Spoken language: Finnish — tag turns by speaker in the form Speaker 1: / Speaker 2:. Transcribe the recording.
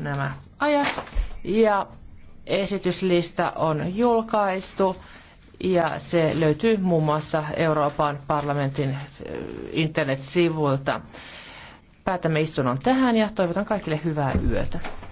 Speaker 1: nämä ajat. Ja esityslista on julkaistu ja se löytyy muun muassa Euroopan parlamentin eh, internetsivuilta. Päätämme istunnon tähän ja toivotan kaikille hyvää yötä.